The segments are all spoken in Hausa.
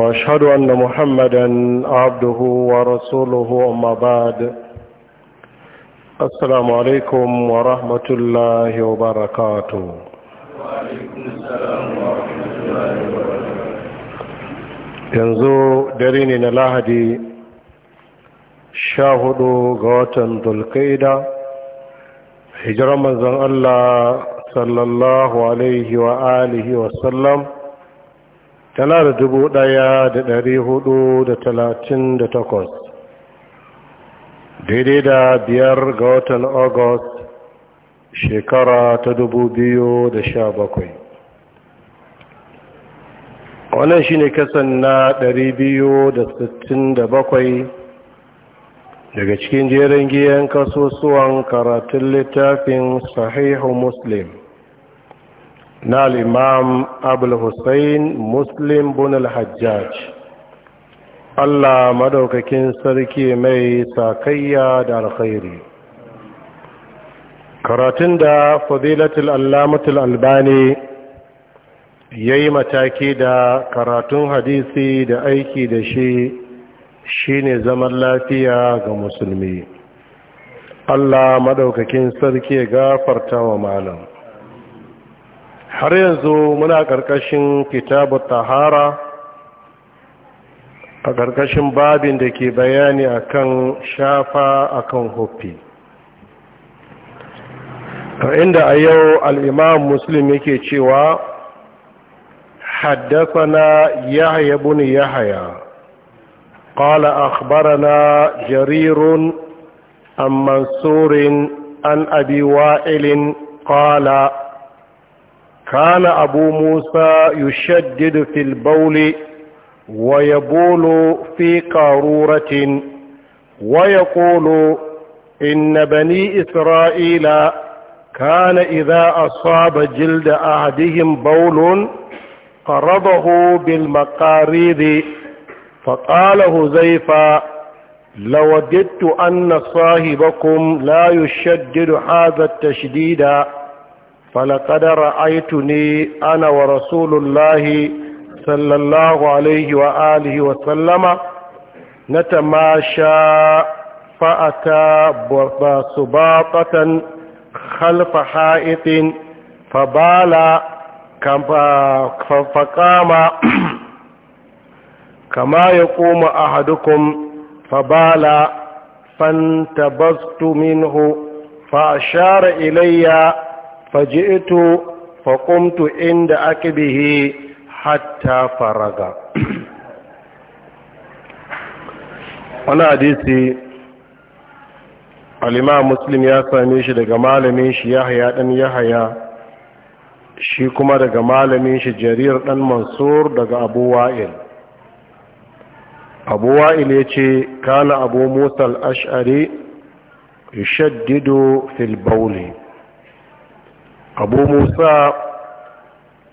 واشهد ان محمدا عبده ورسوله اما بعد السلام عليكم ورحمه الله وبركاته وعليكم السلام ورحمه الله وبركاته yanzu dare ne na lahadi sha hudu ga watan dulkaida hijirar manzon allah sallallahu alaihi wa alihi wasallam tana da dubu ɗaya da dari hudu da talatin da takwas daidai da biyar ga watan agust shekara ta dubu biyu da sha bakwai wannan shine kasan na dari biyu da sittin da bakwai daga cikin jerin giyan kasusuwan karatun littafin sahihu muslim na al'imam abulhussein muslim bin al-hajjaj allah madaukakin sarki mai sakayya da alkhairi karatun da fadilatul allamatul albani ya yi mataki da karatun hadisi da aiki da shi shine zaman lafiya ga musulmi allah madaukakin sarki gafarta wa malam har yanzu muna ƙarƙashin kitabu tahara a ƙarƙashin babin da ke bayani akan shafa akan ta inda a yau al'imam muslim yake cewa haya buni ya haya قال أخبرنا جرير عن منصور عن أبي وائل قال كان أبو موسى يشدد في البول ويبول في قارورة ويقول إن بني إسرائيل كان إذا أصاب جلد أحدهم بول قرضه بالمقاريض فقال هزيفة لوددت أن صاحبكم لا يشدد هذا التشديد فلقد رأيتني أنا ورسول الله صلى الله عليه وآله وسلم نتماشى فأتى سباطة خلف حائط فبال فقام كما يقوم أحدكم فبال فانتبذت منه فأشار إليّ faji'tu fa qumtu inda akbihi hatta faraga wani hadisi alima muslim ya same shi daga malamin shi yahaya dan yahaya shi kuma daga malamin shi jarir dan mansur daga abu wa'il abu wa'il ya ce kana abu musal ashari yashaddidu fil bawli abu musa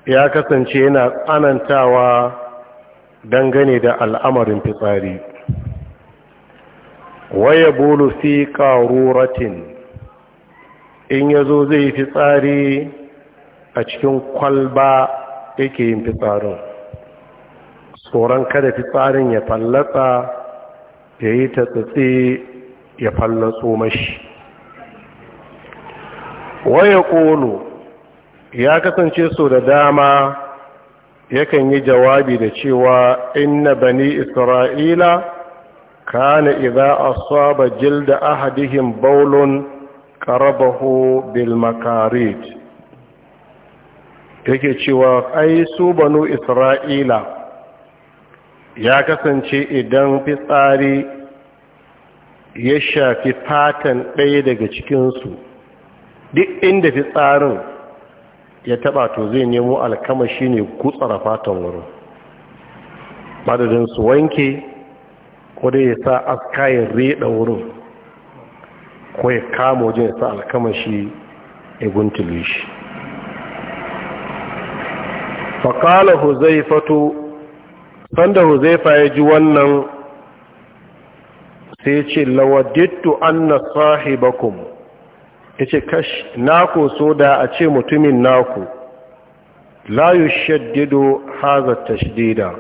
ya kasance yana tsanantawa dangane da al'amarin fitsari waya bolu fi ƙaruratin in ya zo zai yi fitsari a cikin kwalba yake yin fitsarin tsoron kada fitsarin ya fallasa ya yi ta tsatsi ya fallaso mashi waya ƙolo ya kasance so da dama yakan yi jawabi da cewa inna bani isra'ila kana idza asaba jilda ahadihim baulun qarabahu bil makarid yake cewa ai su banu isra'ila ya kasance idan fitsari ya shafi fatan ɗaya daga cikinsu duk inda fitsarin ya taba to zai nemo alkama shi ne kutsara fatan wurin madadin su wanke ko dai ya sa aska ya reda wurin ko ya kama wajen ya sa alkama shi ya guntule shi faƙala fato sanda huzaifa ya ji wannan sai ce lawadittu anna sahibakum ta ce kash naku so da a ce mutumin naku layu shaddido haza tashdida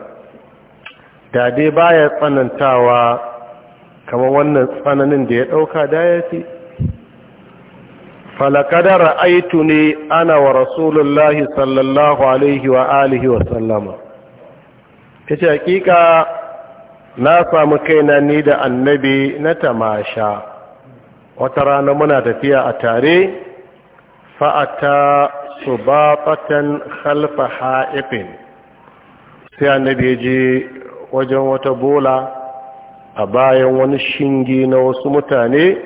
da dai baya tsanantawa kamar wannan tsananin da ya ɗauka da ya fi falakadar aitu ne ana wa rasulullahi sallallahu alaihi wa alihi wa sallama ta ce hakika na samu kaina ni da annabi na tamasha wata rana muna tafiya a tare fa'ata su ba fatan halfa ha'ifin sai annabi ya je wajen wata bola a bayan wani shingi na wasu mutane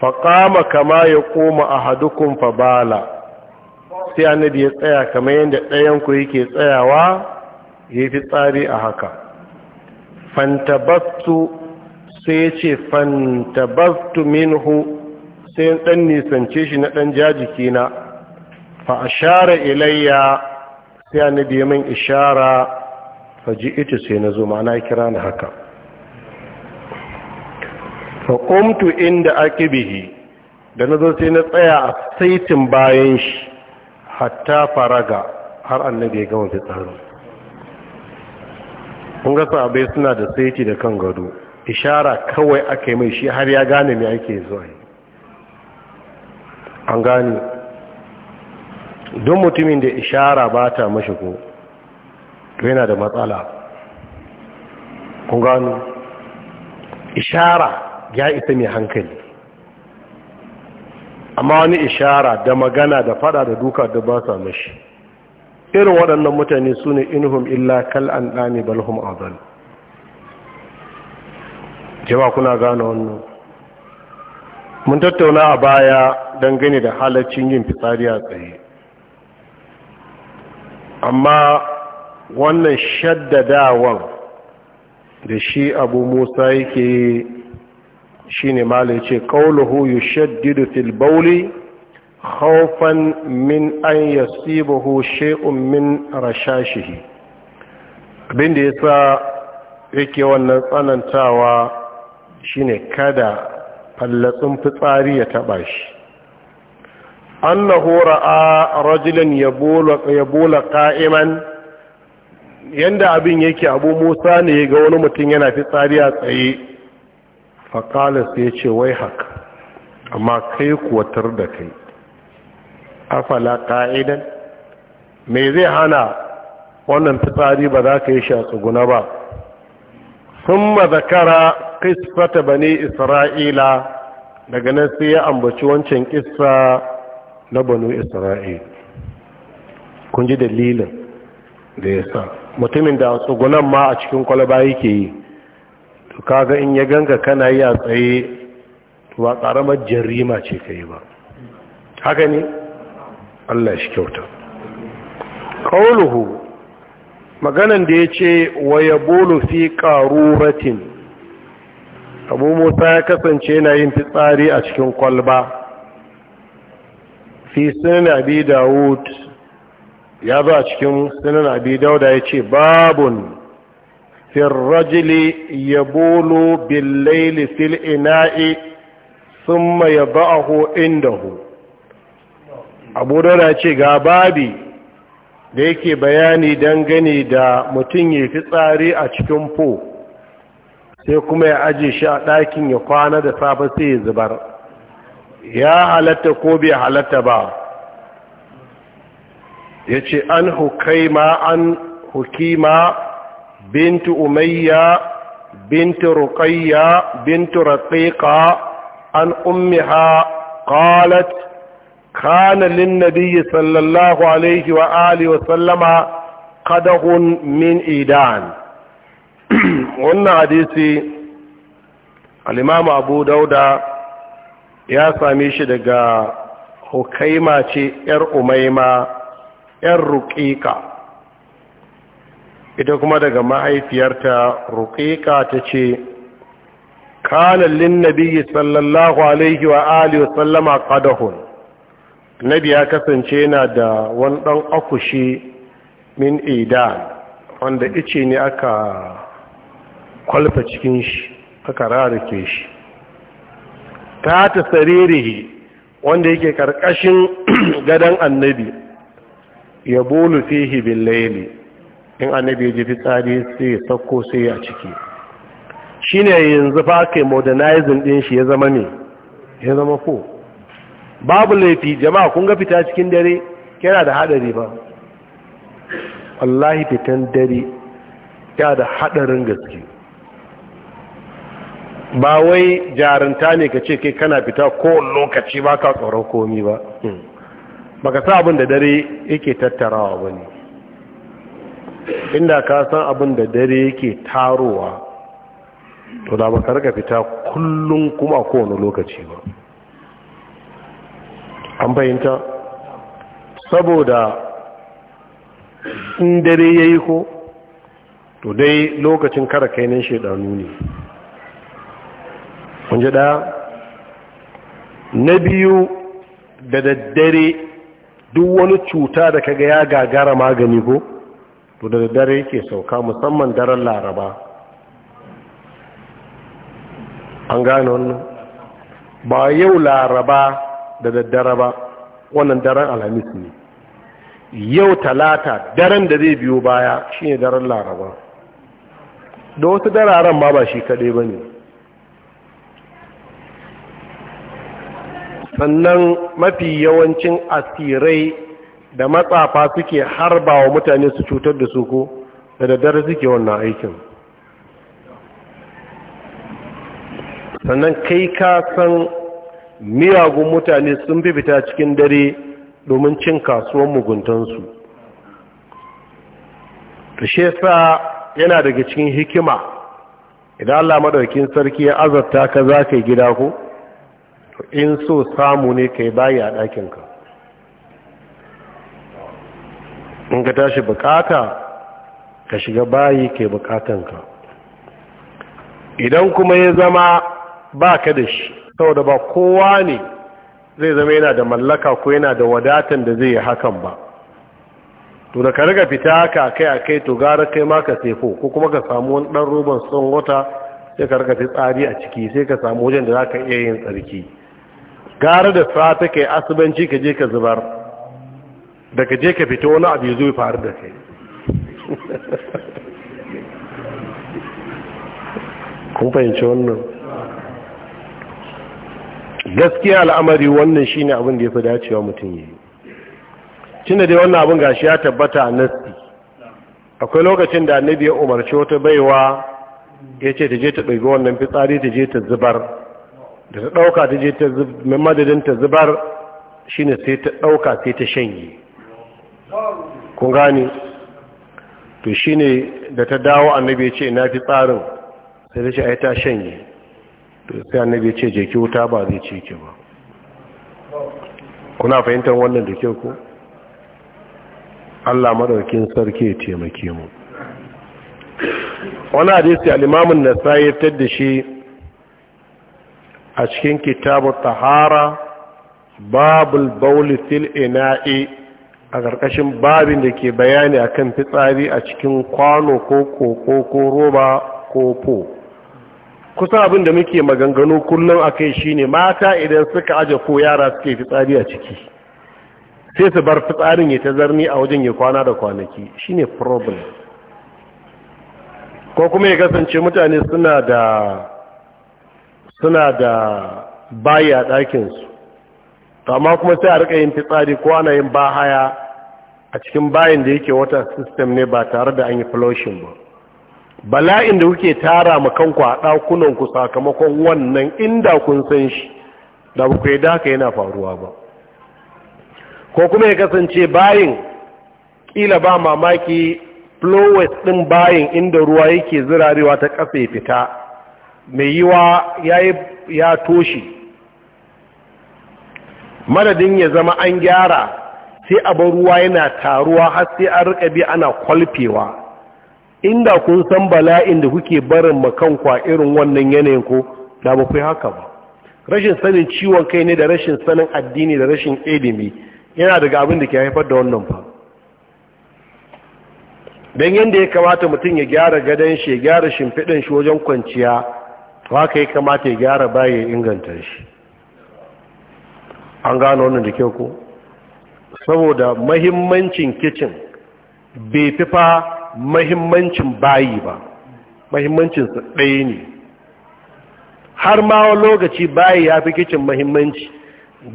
faƙama kama ya koma a hadukun fabala sai annabi ya tsaya kamar yadda ɗayanku yake tsayawa ya fi tsari a haka fantabattu sai ya ce fantabaftu minhu sai ɗan nisance shi na ɗan jajiki na fa ashara ilayya sai annabi ya min ishara Faji ita sai na zo ma'ana kira ni haka fa qumtu inda akibihi da na zo sai na tsaya a saitin bayan shi hatta faraga har annabi ya gama fitsarin kun ga sabai suna da saiti da kan gado ishara kawai aka yi mai shi har ya gane mai ake zuwa yi an gane don mutumin da ishara ba ta mashi ko to yana da matsala kun gano ishara ya isa mai hankali amma wani ishara da magana da fada da duka da ba sa mashi irin waɗannan mutane su ne inuhum illa kal'an ɗani balhum azal jama kuna gano wannan mun tattauna a baya dangane da halaccin yin fitsari a tsaye amma wannan shaddadawan da shi abu musa yake shine malai ce qauluhu yushaddidu shaddidu Filbauli, haufan min an yasibahu shay'un min rashashihi abinda yasa yake wannan tsanantawa Shi ne kada fallatsin fitsari ya taɓa shi annahu ra'a rajulan yabula qa'iman yanda abin yake Abu Musa ne ga wani mutum yana fitsari a tsaye fa ya ce wai haka amma kai kuwatar da kai afala qa'idan me zai hana wannan fitsari ba za ka yi shi a tsuguna ba ثم ذكر قصه بني اسرائيل daga nan sai ya ambaci wancan kissa na banu isra'il kun ji dalilin da ya sa mutumin da tsugunan ma a cikin kwalaba yake yi to kaga in ya ganga kana yi a tsaye ba karamar jarima ce ka yi ba haka ne allah shi kyauta kauluhu maganan da ya ce wa ya bolo fi ƙaruratin abu musa ya kasance yana yin fitsari a cikin kwalba fi sunan abi dawud ya zo a cikin sunan abi dauda ya ce babun firrajili ya bolo billaili fil ina'i sun ma ya ba'ahu indahu abu dauda ya ce ga babi da yake bayani dangane da mutum ya fi tsari a cikin fo. sai kuma ya aje shi a ɗakin ya kwana da safe sai ya zubar ya halatta ko bai halatta ba ya ce an hukaima an hukima bintu umayya bintu ruqayya bintu raqiqa an ummiha qalat kana lin nabiyyi sallallahu alaihi wa alihi wa sallama qadahun min idan wannan hadisi al-imam abu dauda ya same shi daga hukaima ce yar umaima yar ruqiqa ita kuma daga mahaifiyarta ruqiqa tace كان للنبي صلى الله عليه وآله وسلم قدح nabi ya kasance yana da wani ɗan akushi min ida wanda ice ne aka kwalfa cikin shi aka rarrake shi ta ta saririhi wanda yake ƙarƙashin gadon annabi ya bolu fihi bin laili in annabi ya ji fitsari sai ya sauko sai ya ciki shi ne yanzu fa yi modernizing ɗin shi ya zama ne ya zama ko babu laifi jama'a kun ga fita cikin dare yana da hadari ba wallahi fitan dare ya da hadarin gaske ba wai jarunta ne ka ce kai kana fita ko lokaci ba ka tsoron komi ba hmm. baka sa abin da dare yake tattarawa ba ne inda ka san abin da dare yake tarowa to da baka rika fita kullum kuma kowane lokaci ba an fahimta saboda in dare ya yi ko to dai lokacin kara kainin shaidanu ne kunji ɗaya na biyu da daddare duk wani cuta da kaga ya gagara magani ko to da daddare yake sauka musamman daren laraba an gane wannan ba yau laraba da daddare ba wannan daren alhamis ne yau talata daren da zai biyo baya shine daren laraba da wasu dararen ma ba shi kaɗai ba ne sannan mafi yawancin asirai da matsafa suke harba wa mutane su cutar da su ko da daddare suke wannan aikin sannan kai ka san miyagun mutane sun fi fita cikin dare domin cin kasuwan muguntansu tashe sa yana daga cikin hikima idan Allah madaukin sarki ya azarta ka za ka yi gida ko in so samu ne ka yi bayi a ɗakinka in ka tashi bukata ka shiga bayi yi bukatanka idan kuma ya zama ba ka da shi saboda ba kowa ne zai zama yana da mallaka ko yana da wadatan da zai yi hakan ba to da ka riga fita haka kai a kai to gara kai ma ka sefo ko kuma ka samu wani ɗan roban son wata sai ka riga tsari a ciki sai ka samu wajen da za ka iya yin tsarki gara da ta kai asibanci ka je ka zubar da ka je ka fita wani abu zai faru da kai kun fahimci wannan gaskiya al'amari wannan shine abin da ya fi dacewa mutum yi tunda dai wannan abin gashi ya tabbata a nasti akwai lokacin da annabi ya umarci wata baiwa ya ce ta je ta ɗauki wannan fitsari ta je ta zubar da ta ɗauka ta je ta madadin ta zubar shine sai ta ɗauka sai ta shanye kun gane to shine da ta dawo annabi ya ce ina fitsarin sai ta ce ai ta shanye sai annabi ce je kyauta wuta ba zai ce ki ba kuna fahimtar wannan da kyau ko Allah madaukin sarki ya taimake mu wani hadisi al-Imam an-Nasa'i ya shi a cikin kitabu tahara babul bawl fil ina'i a ƙarƙashin babin da ke bayani a kan fitsari a cikin kwano ko koko ko roba ko po kusan abin da muke maganganu kullum a kai shine mata idan suka aje ko yara suke fitsari a ciki sai su bar fitsarin ya ta zarni a wajen ya kwana da kwanaki shine problem ko kuma ya kasance mutane suna da suna da bayi a ɗakinsu to amma kuma sai a rika yin fitsari ko ana yin bahaya a cikin bayan da yake wata system ne ba tare da an yi flushing ba bala'in da kuke tara ma kanku a ɗakunanku sakamakon wannan inda kun san shi da ku daka yana faruwa ba ko kuma ya kasance bayin ƙila ba mamaki flowes ɗin bayin inda ruwa yake zirarewa ta ƙasa fita mai yiwa ya toshe madadin ya zama an gyara sai abin ruwa yana taruwa har sai an rika bi ana kwalfewa inda kun san bala'in da kuke barin makankwa irin wannan yanayin ko da ba kai haka ba rashin sanin ciwon kai ne da rashin sanin addini da rashin ilimi yana daga abin da ke haifar da wannan ba don yadda ya kamata mutum ya gyara gadon shi ya gyara shimfiɗin shi wajen kwanciya haka ya kamata ya gyara baya inganta shi an gano wannan da kyau ko saboda mahimmancin kicin bai fi fa mahimmancin bayi ba mahimmancinsa ɗaya ne har ma lokaci bayi ya fi kicin mahimmanci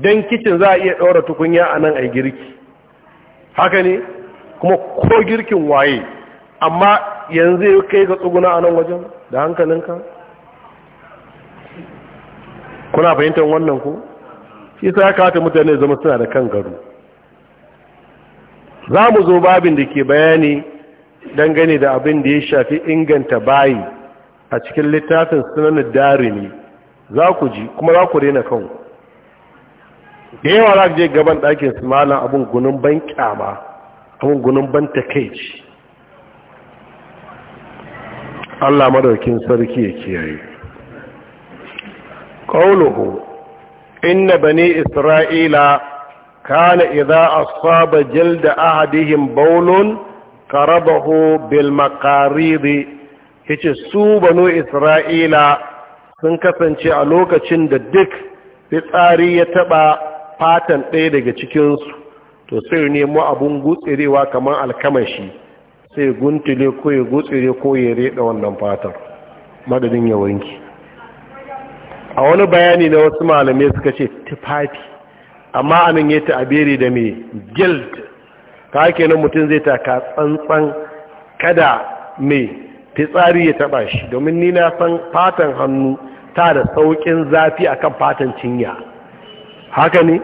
don kicin za a iya ɗaura tukunya a nan a girki haka ne kuma ko girkin waye amma yanzu ya kai ga tsuguna a nan wajen da hankalinka kuna fahimtar wannan ku shi sa ya kata mutane zama suna da kan garu za mu zo babin da ke bayani dangane da abin da ya shafi inganta bayi a cikin littafin sunanin ne, za ku ji kuma za ku rena kanku da yawa za ku je gaban ɗakin su malam abin gunin ban kyama abin gunin ban takaici Allah madaukin sarki ya kiyaye qawluhu inna bani isra'ila kana idza asaba jalda ahadihim bawlun karabahu bil makaridi yace su banu isra'ila sun kasance a lokacin da duk fitsari ya taɓa fatan ɗaya daga cikinsu to sai nemo abun gutserewa kamar alkamashi sai guntule ko ya gutsire ko ya reda wannan fatar madadin ya wanki a wani bayani na wasu malamai suka ce tufafi amma anan ya ta'abiri da mai gild. ta nan mutum zai taka tsantsan kada mai fitsari ya taba shi domin ni na san fatan hannu ta da saukin zafi a kan fatan cinya haka ne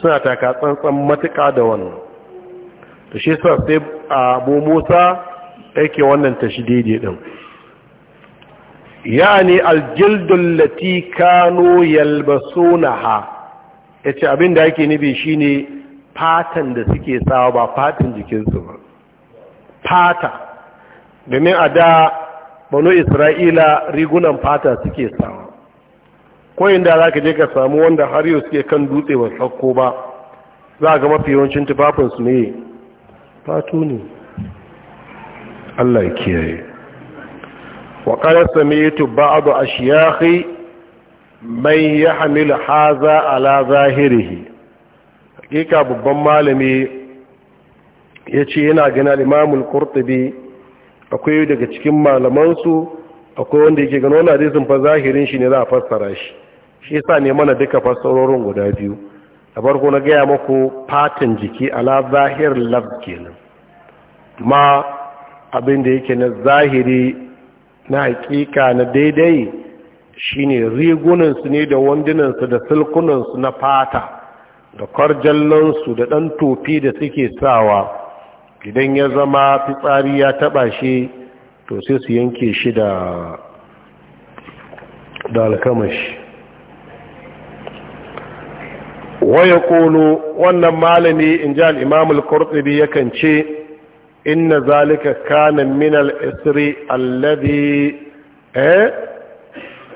suna taka tsantsan matuka da wannan to shi sa sai abu musa yake wannan tashi daidai din yani aljildul lati kanu Ya yace abin da yake nufi shine fatan da suke sawa ba fatan jikinsu ba fata domin a da bano isra'ila rigunan fata suke sawa koyin da za ka je ka samu wanda har yau suke kan dutse ba sakko ba za ga mafi yawancin tufafinsu ne Fato ne allah ya kiyaye wa yi samitu abu a shiyahi mai ya hamilu haza ala zahirihi hakika babban malami ya ce yana gina limamul kurtubi akwai daga cikin malamansu akwai wanda yake gano wani hadisin fa zahirin shi ne za a fassara shi shi sa ne mana duka fassarorin guda biyu a farko na gaya maku fatan jiki ala zahir lab kenan ma abin da yake na zahiri na hakika na daidai shi ne rigunansu ne da wandunansu da sulkunansu na fata da kwarjallansu da ɗan tofi da suke sawa idan ya zama fitsari ya taɓa shi to sai su yanke shi da alkamashi waya kolo wannan malami in ji al'imamul kurtubi yakan ce inna zalika kanan minal isri allazi eh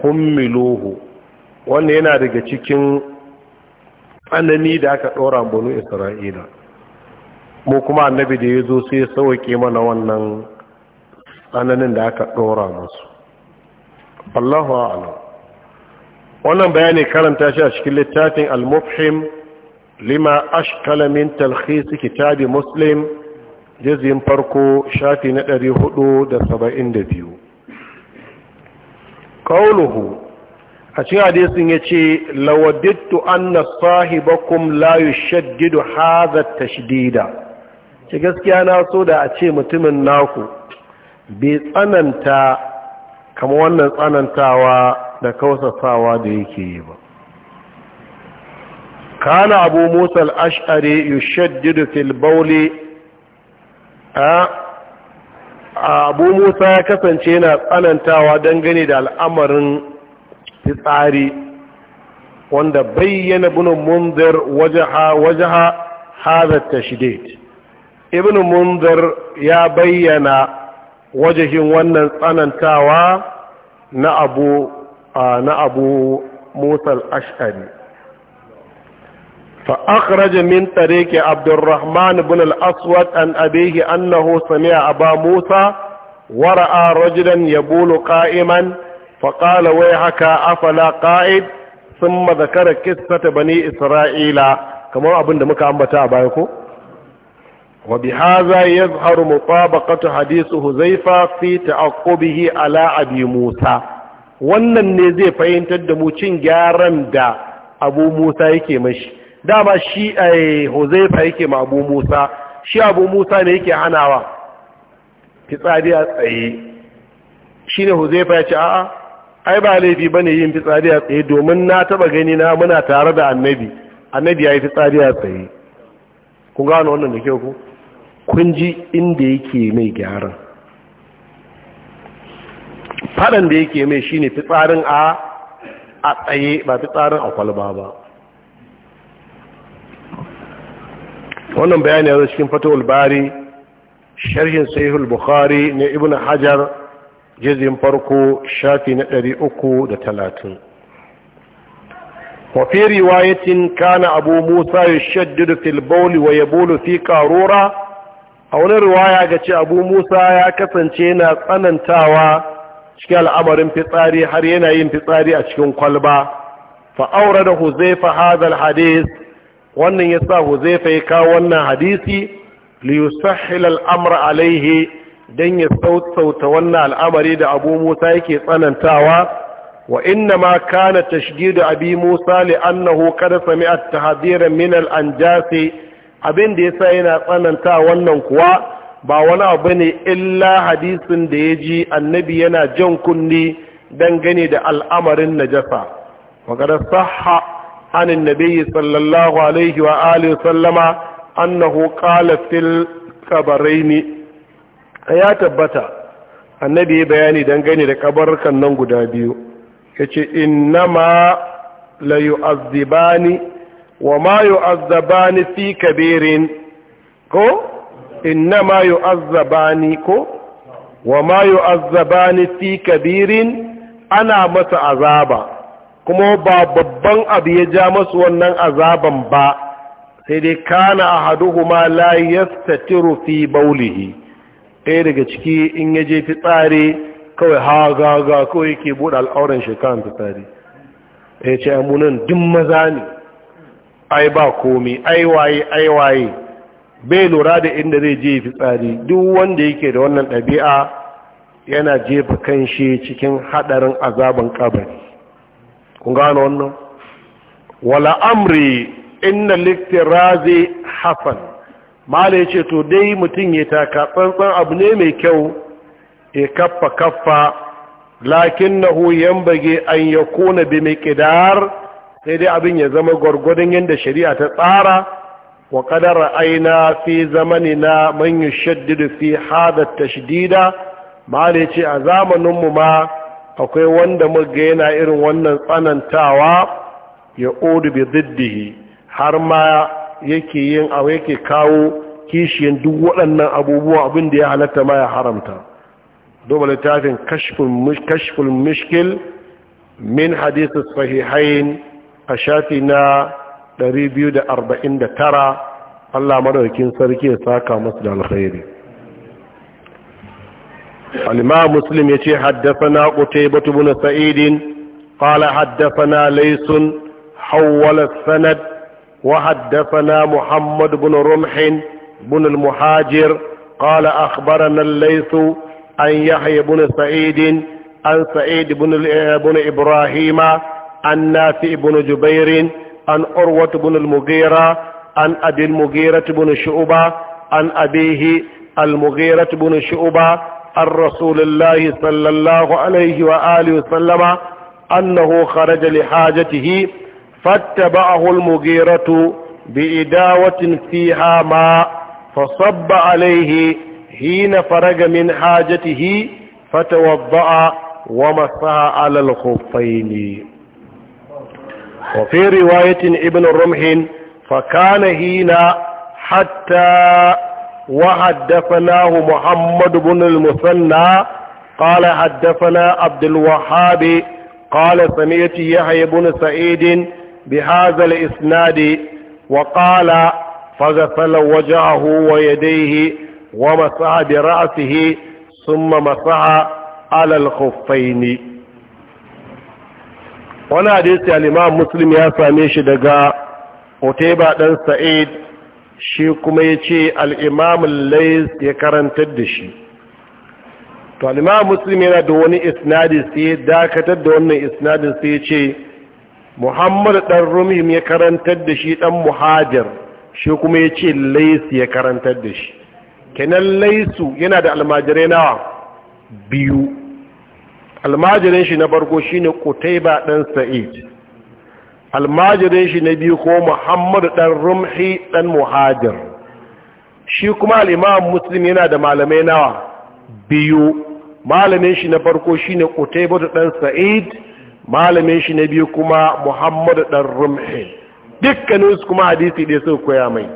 hummiluhu wannan yana daga cikin tsanani da aka ɗora banu isra'ila mu kuma annabi da ya zo sai ya sauke mana wannan tsananin da aka ɗora musu. allahu a'alam wannan bayani karanta shi a cikin littafin al-mufhim lima ashkala min talkhis kitabi muslim jizyin farko shafi na 472 qawluhu a cikin hadisin ya ce lawadittu anna sahibakum la yushaddidu hadha tashdida ce gaskiya na so da a ce mutumin naku bai tsananta kama wannan tsanantawa da kausasawa da yake yi ba kana abu musa al'ashari yushaddidu fil bauli a abu musa ya kasance yana tsanantawa dangane da al'amarin تتعاري وند بين ابن منذر وجه وجه هذا التشديد ابن منذر يا بين وجه ون انن تاوا نابو آه نا موسى الاشعري فاخرج من طريق عبد الرحمن بن الاسود عن ابيه انه سمع ابا موسى ورأى رجلا يبول قائما فقال ويحك أفلا قائد ثم ذكر قصة بني إسرائيل كما أبن دمك أنبتا أبايكو وبهذا يظهر مطابقة حديث هزيفة في تعقبه على أبي موسى wannan ne zai fahimtar da mu cin gyaran da abu musa yake mashi dama shi a huzaifa yake ma abu musa shi abu musa ne yake hanawa fitsari a tsaye shi ne huzaifa ya ce a'a ai ba laifi bane yin fitsari a tsaye domin na taba gani na muna tare da annabi annabi yayi fitsari a tsaye kun gano wannan da kyau ku kun ji inda yake mai gyaran fadan da yake mai shine fitsarin a a tsaye ba fitsarin a kwalba ba wannan bayani yanzu cikin fatawul bari sharhin sahihul bukhari ne ibnu hajar Jirgin farko shafi na ɗari uku da talatin wafi riwayatin kana abu musa ya shaddidu filbauli wa ya bolo fi karora a wani riwaya ga ce abu musa ya kasance na tsanantawa cikin al'amarin fitsari har yana yin fitsari a cikin kwalba fa'aura da huzaifa hadal hadis wannan ya sa huzaifa ya kawo wannan hadisi liyusahil Amar alaihi don ya sautauta wannan al'amari da abu musa yake tsanantawa wa inna ma kana tashdidu abi musa li annahu kada sami'a tahdhira min al-anjasi abin da yasa yana tsananta wannan kuwa ba wani abu ne illa hadisin da ya ji annabi yana jan kunni dangane da al'amarin najasa wa saha, sahha anin sallallahu alaihi wa alihi sallama annahu qala ya tabbata annabi ya bayani dangane da kabarkan nan guda biyu ya ce innama la yu'azzibani wa ma yu'azzabani fi kabirin ko ma yu'azzabani ko wa ma yu'azzabani fi kabirin ana masa azaba kuma ba babban abu ya ja masu wannan azaban ba sai dai kana ahaduhuma la yastatiru fi baulihi ɗaya daga ciki in ya je fitsari kawai ha ga kawai yake buɗe al'auran shekaran fitsari ya ce amunan duk maza ne ai ba komi ai waye ai waye bai lura da inda zai je fitsari duk wanda yake da wannan ɗabi'a yana jefa kanshi cikin haɗarin azaban ƙabari kun gano wannan wala amri inna liktirazi hafan mala ya ce to dai mutum ya taka tsantsan abu ne mai kyau ya kaffa kaffa lakin na huyen bage an ya kona bi mai ƙidar sai dai abin ya zama gwargwadon yadda shari'a ta tsara wa ƙadar aina fi zamani na manyan shaddidu fi hada tashdida mala ya ce a zamaninmu ma akwai wanda muga yana irin wannan tsanantawa ya odu bi diddihi har ma yake yin abu yake kawo kishiyan duk waɗannan abubuwa abin da ya halatta ma ya haramta duba littafin kashful mishkil min hadisun sahihain a shafi na 249 allah madaukin sarki ya saka masu da alkhairi الإمام مسلم يتي حدثنا قتيبة بن سعيد قال حدثنا ليس حول السند وحدثنا محمد بن رمح بن المحاجر قال أخبرنا الليث عن يحيى بن سعيد عن سعيد بن, آه، بن إبراهيم عن نافع بن جبير عن أروة بن المغيرة عن أبي المغيرة بن شعبة عن أبيه المغيرة بن شعبة عن رسول الله صلى الله عليه وآله وسلم أنه خرج لحاجته فاتبعه المغيرة بإداوة فيها ماء فصب عليه حين فرج من حاجته فتوضأ ومسح على الخفين وفي رواية ابن الرمح فكان هنا حتى وحدثناه محمد بن المثنى قال حدثنا عبد الوهاب قال سمعت يحيى بن سعيد بهذا الإسناد وقال فغسل وجهه ويديه ومسح برأسه ثم مسح على الخفين وانا حديث الإمام مسلم يا ساميش دقاء قتيبة دان سعيد shi kuma ya ce al'imamun lais ya karantar da shi to al'imamun muslim yana da wani isnadi sai dakatar da wannan isnadin sai ya ce muhammadu ɗan rumim ya karantar da shi ɗan muhajir shi kuma ya ce laisu ya karantar da shi kenan laisu yana da almajirai nawa biyu almajirin shi na farko ne kutaiba ɗan sa'id almajirin shi na biyu ko muhammadu ɗan rumhi ɗan muhajir shi kuma al'imam muslim yana da malamai nawa biyu malamin shi na farko shine kutaiba ɗan sa'id malamin shi na biyu kuma muhammadu dan rumhil dukkanin su kuma hadisi ɗaya suka koya mai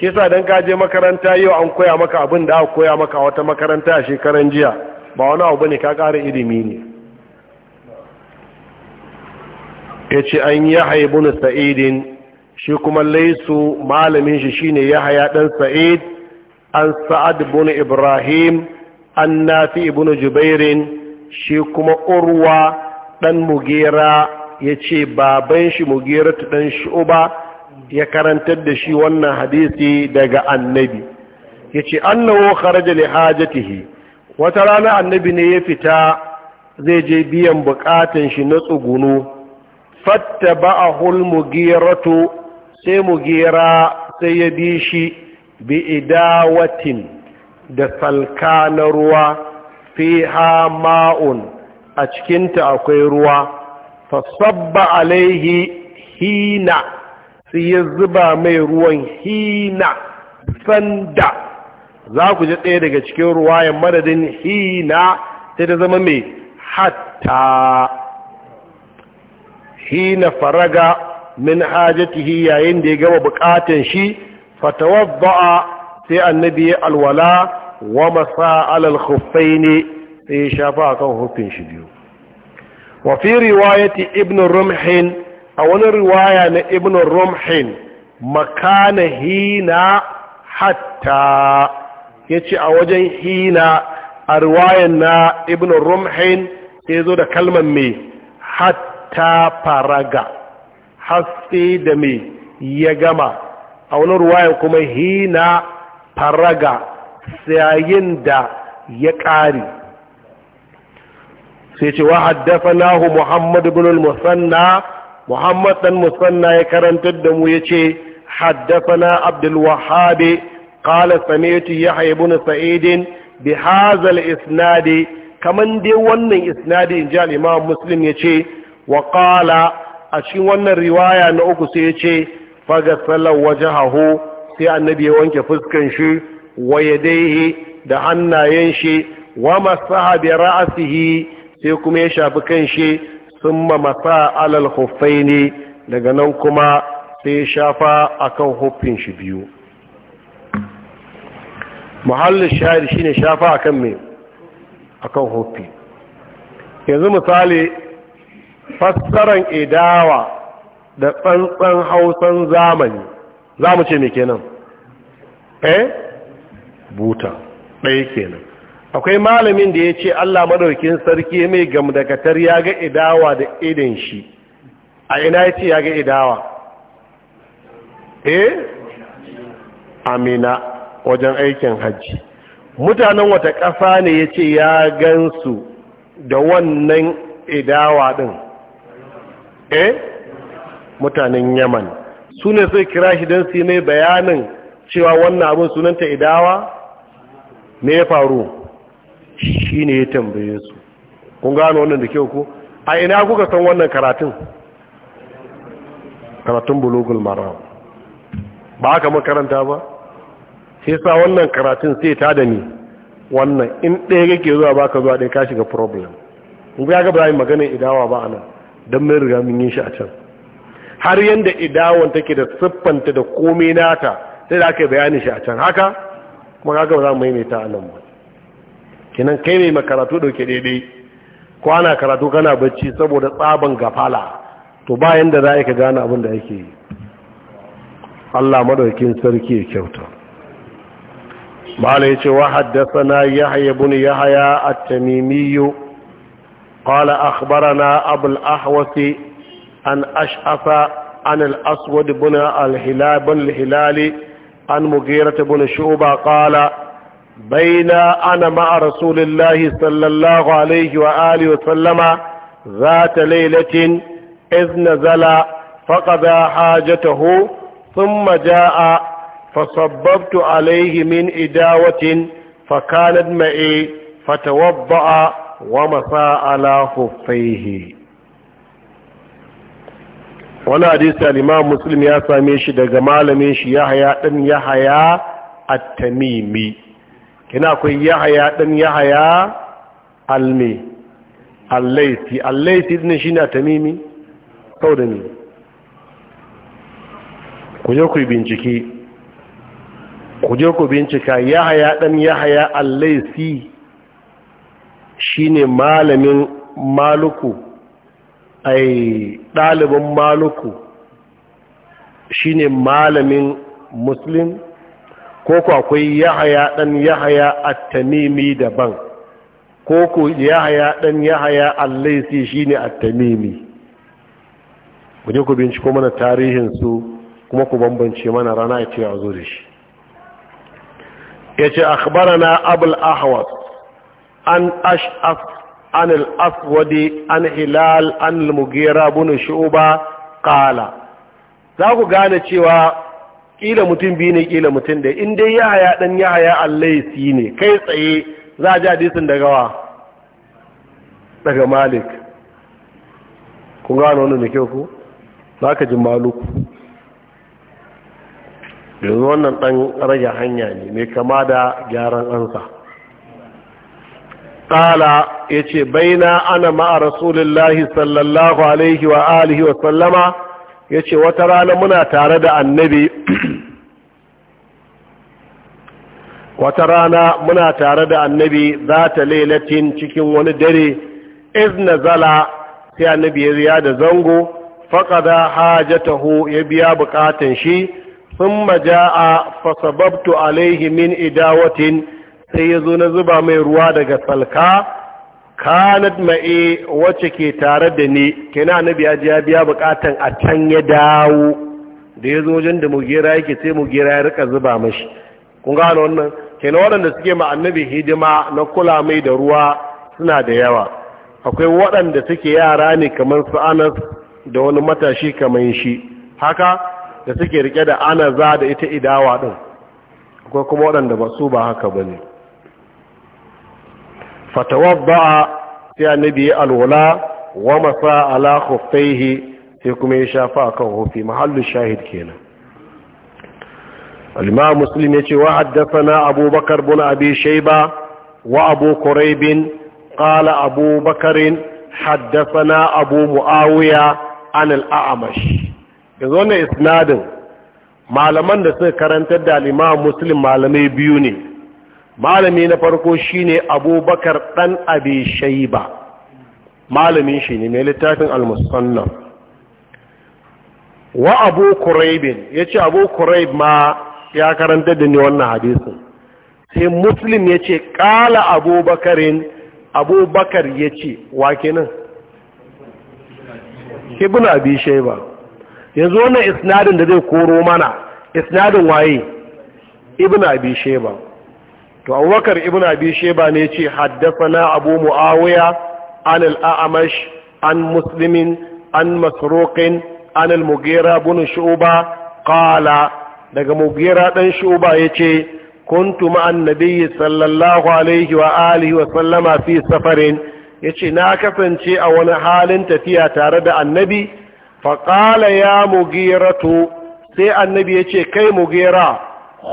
shi dan ka je makaranta yau an koya maka abin da aka koya maka wata makaranta a shekaran jiya ba wani abu ne ka ƙara ilimi ne yace an yi ibn sa'idin shi kuma laisu malamin shi shine yahaya dan sa'id an sa'ad ibn ibrahim an nafi ibn jubairin shi kuma urwa ɗan mugera ya ce baban shi mugera ta ɗan uba ya karantar da shi wannan hadisi daga annabi ya ce annawo kharaja li hajatihi wata rana annabi ne ya fita zai je biyan bukatan shi na tsugunu fatta ba'ahul mugiratu sai mugera sai ya bi shi bi idawatin da salka na ruwa fi ma'un a cikinta akwai ruwa fasabba alaihi hina sai ya zuba mai ruwan hina sanda za ku ji ɗaya daga cikin ruwa ya madadin hina sai ta zama mai hatta hina faraga min hajatihi yayin da ya gama bukatan shi fatawadda'a sai annabi ya alwala wa masa alal khuffaini sai ya shafa a kan hufin shi biyu wafi riwayati ibn rumhin a wani riwaya na ibn rumhin makana hina hatta ya ce a wajen hina a riwaya na ibn rumhin sai zo da kalmar mai hatta faraga haske da mai ya gama a wani ruwayan kuma hina faraga sayayin da ya ƙari sai ce wa hadafanahu Muhammad ibn al-Musanna Muhammad dan Musanna ya karantar da mu yace haddafana Abdul Wahhab qala sami'tu Yahya ibn Sa'id bi hadha al-isnad kaman dai wannan isnadi inji al-Imam Muslim yace wa qala a cikin wannan riwaya na uku sai yace fagasala wajahahu sai annabi ya wanke fuskan shi wa yadayhi da hannayen shi wa masaha bi ra'sihi sai kuma ya shafi kan shi sun mamasa alal hufai ne daga nan kuma sai ya shafa akan hufin shi biyu muhallin shi shine shafa akan mai akan hufi yanzu misali fassaran idawa da tsantsan hausan zamani za mu ce mai kenan eh buta ɗaya kenan akwai malamin da ya ce Allah madaukin sarki mai gamdakatar ya ga idawa da idan shi a ina ya ce ya ga idawa eh amina wajen aikin hajji mutanen wata ƙasa ne ya ce ya gansu da wannan idawa ɗin eh mutanen yaman su ne sai kira shi don su mai bayanin cewa wannan abin sunanta idawa me ya faru Shi ne ya tambaye su kun gano wannan da kyau ko a ina kuka san wannan karatun karatun bulugul maram ba aka makaranta ba sai sa wannan karatun sai ta da ni wannan in ɗaya kake zuwa ba ka zuwa ɗaya ka shiga problem in ya ga yin magana idawa ba a don mai riga mun yi shi a can har yadda idawan take da siffanta da komai nata sai da aka bayani shi a can haka kuma haka gaba za mu maimaita a nan ba kinan kai mai makaratu dauke daidai kwana karatu kana bacci saboda tsaban gafala to bayan da za ka gane abin da yake yi Allah madaukin sarki ya kyauta malai ce wa haddasa haddathana yahya haya yahya at-tamimi qala na abul ahwasi an ash'afa an al'aswadi aswad alhilali an mugirata buna shu'ba qala بين أنا مع رسول الله صلى الله عليه وآله وسلم ذات ليلة إذ نزل فقضى حاجته ثم جاء فصببت عليه من إداوة فكانت معي فتوضأ ومسى على خفيه wani hadisi al'imam muslim ya same shi daga malamin shi ya haya ɗin ya haya a tamimi kina akwai yahaya dan yahaya almi allaiti allaiti din shine tamimi saboda ni ku je ku binciki ku je ku bincika yahaya dan yahaya allaiti shine malamin maluku ai ɗalibin maluku shine malamin muslim ko ku akwai yahaya ɗan yahaya at-tamimi daban ko ku yahaya dan yahaya allaisi shi shine at-tamimi ku je ku binciko mana tarihin kuma ku bambance mana rana ce a zo da shi yace akhbarana abul ahwas an ash'af an al-aswad an hilal an al mugira bunu shu'ba qala za ku gane cewa kila mutum biyu ne kila mutum da in dai yahaya dan yahaya allaisi ne kai tsaye za a ji hadisin daga wa daga malik kun gano wannan da kyau ku za ka ji maluku yanzu wannan dan rage hanya ne mai kama da gyaran ansa ƙala ya ce baina ana ma'a rasulullahi sallallahu alaihi wa alihi wa sallama ya ce wata rana muna tare da annabi wata rana muna tare da annabi za ta lailatin cikin wani dare izna zala sai annabi ya riya da zango faƙada hajatahu ya biya bukatan shi sun a fasababtu alaihimin min idawatin sai ya zo na zuba mai ruwa daga salka kanat ma'e wacce ke tare da ni kina annabi ya ji ya biya bukatan a can ya dawo da ya zo wajen da mugera yake sai mugera ya rika zuba mashi kun ga wannan Kina waɗanda suke ma annabi hidima na kula mai da ruwa suna da yawa akwai waɗanda suke yara ne kamar su anas da wani matashi kamar shi haka da suke rike da anaza da ita idawa din akwai kuma waɗanda ba su ba haka ba ne fatawadda sai annabi yi alwala wa masa ala khuffaihi sai kuma ya shafa akan hufi Mahallin shahid kenan al-imam muslim yace wa haddathana abubakar bin abi shayba wa abu kala abubakarin, abu bakr haddathana abu muawiya an al-a'mash yanzu wannan isnadin malaman da suka karantar da al-imam muslim malamai biyu ne malami na farko shine abubakar ɗan abi shaiba malamin shi ne mai littafin al-musannaf wa abu kuraibin ya ce abu kuraib ma ya karanta da ni wannan hadisin sai muslim ya ce ƙala abubakarin abubakar ya ce wa kenan ibn abi shaiba yanzu wannan isnadin da zai koro mana isnadin waye ibn abi shaiba to abubakar ibn abi sheba ne ce haddasana abu muawiya an al-a'mash an muslimin an masrokin, an al-mughira ibn shu'ba qala daga mughira dan shu'ba yace kuntu ma sallallahu alaihi wa alihi wa sallama fi safarin yace na kasance a wani halin tafiya tare da annabi faqala ya mughiratu sai annabi yace kai mugera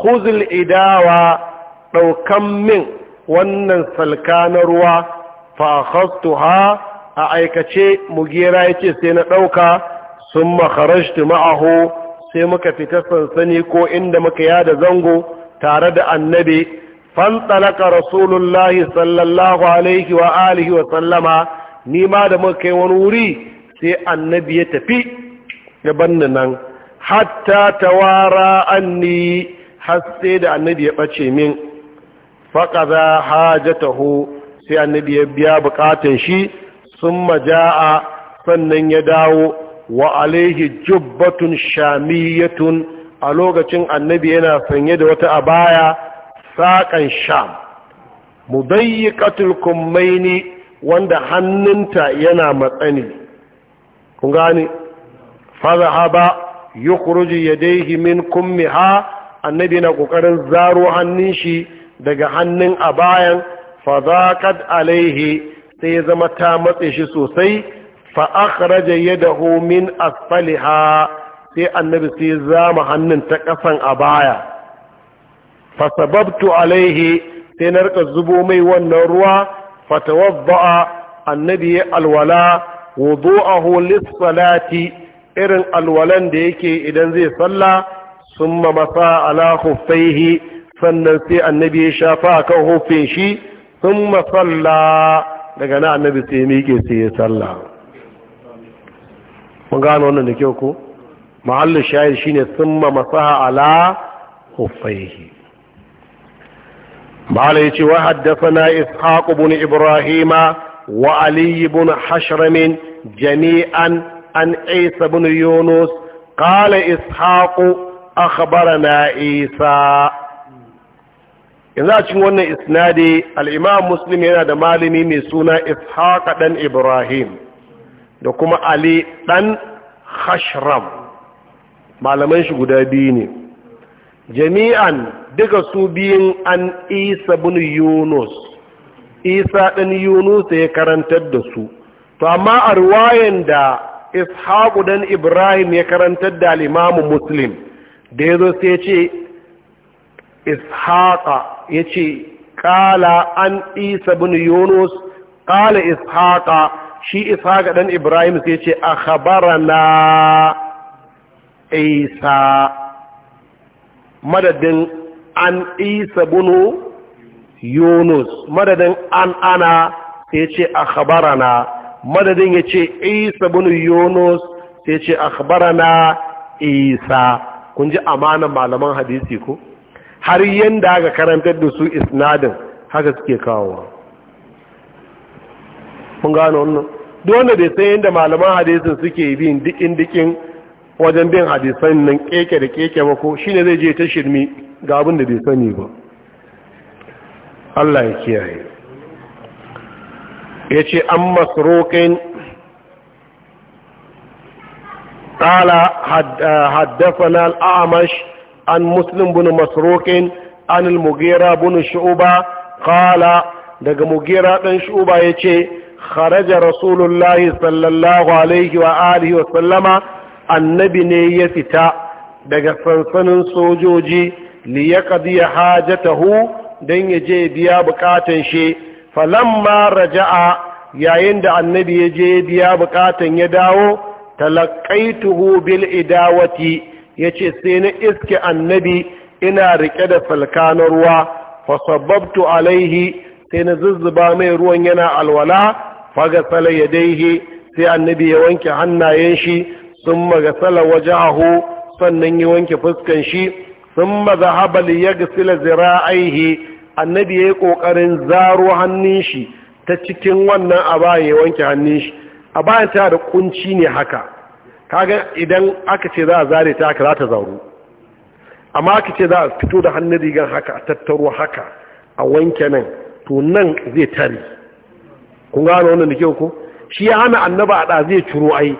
khuzul idawa ɗaukan min wannan salka na ruwa fahastu ha a aikace mugera ya ce sai na ɗauka sun makarashtu ma'aho sai muka fita sansani ko inda muka yada zango tare da annabi fantsalaka rasulullahi sallallahu alaihi wa alihi wa sallama ni ma da muka kai wani wuri sai annabi ya tafi gaban nan hatta tawara anni har sai da annabi ya ɓace min faƙaza hajatahu sai annabi ya biya buƙatan shi sun maja'a sannan ya dawo wa alaihi jubbatun tun a lokacin annabi yana sanye da wata abaya saƙan sham mudayyiqatul kummaini wanda hannunta yana matsani kun gane fazahaba yukhruju yadayhi min kummiha annabi na ƙoƙarin zaro hannun shi daga hannun a bayan fadaqat alaihi sai zama ta matse shi sosai fa ya dahu min asfaliha sai annabi sai zama hannun ta ƙasan a baya fa sababtu alaihi sai na rika zubo mai wannan ruwa fatawabba'a annabi ya alwala a lis-salati irin alwalan da yake idan zai salla summa masa ala khuffaihi sannan sai annabi ya shafa a kan hufin shi sun masalla daga na annabi sai miƙe sai ya salla mun gano wannan da kyau ko mahallin shayar shi ne sun ma masaha ala hufaihi bala ya ce wa haddasa na ishaku bin ibrahima wa aliyu bin hashramin jami'an an isa bin yunus قال إسحاق أخبرنا عيسى yanzu a cikin wannan isnadi al'imam muslim yana da malami mai suna ishaq ɗan ibrahim da kuma ali ɗan hashram malaman shi guda biyu ne jami'an duka su biyun an isa bin yunus isa ɗan yunus ya karantar da su to amma a ruwayen da ishaq ɗan ibrahim ya karantar da al’imam muslim da ya zo sai ce ishaqa ya ce ƙala an isa bin yunus ƙala ishaqa shi ishaqa ɗan ibrahim sai ce a na isa madadin an isa bin yunus madadin an ana sai ce a na madadin ya ce isa bin yunus sai ce a na isa kun ji amanan malaman hadisi ko? har yadda aka karantar da su isnadin haka suke kawowa mun gano wannan duk wanda bai san yadda malaman hadisin suke bin dikin dikin wajen bin hadisan nan keke da keke ba ko shine zai je ta shirmi ga abin da bai sani ba Allah ya kiyaye yace an masruqin ƙala حد حدثنا الأعمش an muslim bin masrokin an al-mugira bin shu'uba qala daga mugira dan shu'uba ce kharaja rasulullahi sallallahu alaihi wa alihi wa sallama annabi ne ya fita daga sansanin sojoji haja ta hu dan ya je biya bukatun shi falamma raja'a yayin da annabi ya je biya bukatun ya dawo talaqaituhu bil idawati ya ce sai na iske annabi ina rike da falka na ruwa fasababtu alaihi sai na zuzzuba mai ruwan yana alwala fagasala ya daihe sai annabi ya wanke hannayen shi sun magasala wajahu sannan ya wanke fuskan shi sun mazahaba ya gasila aihi annabi ya yi ƙoƙarin zaro hannun shi ta cikin wannan aba ya wanke hannun shi a ta da ƙunci ne haka kaga idan aka ce za a zare ta aka za ta zaru amma aka ce za a fito da hannun rigar haka a tattaro haka a wanke nan to nan zai tare kun gano wannan da kyau ko shi ya hana annaba a ɗa zai ciro ai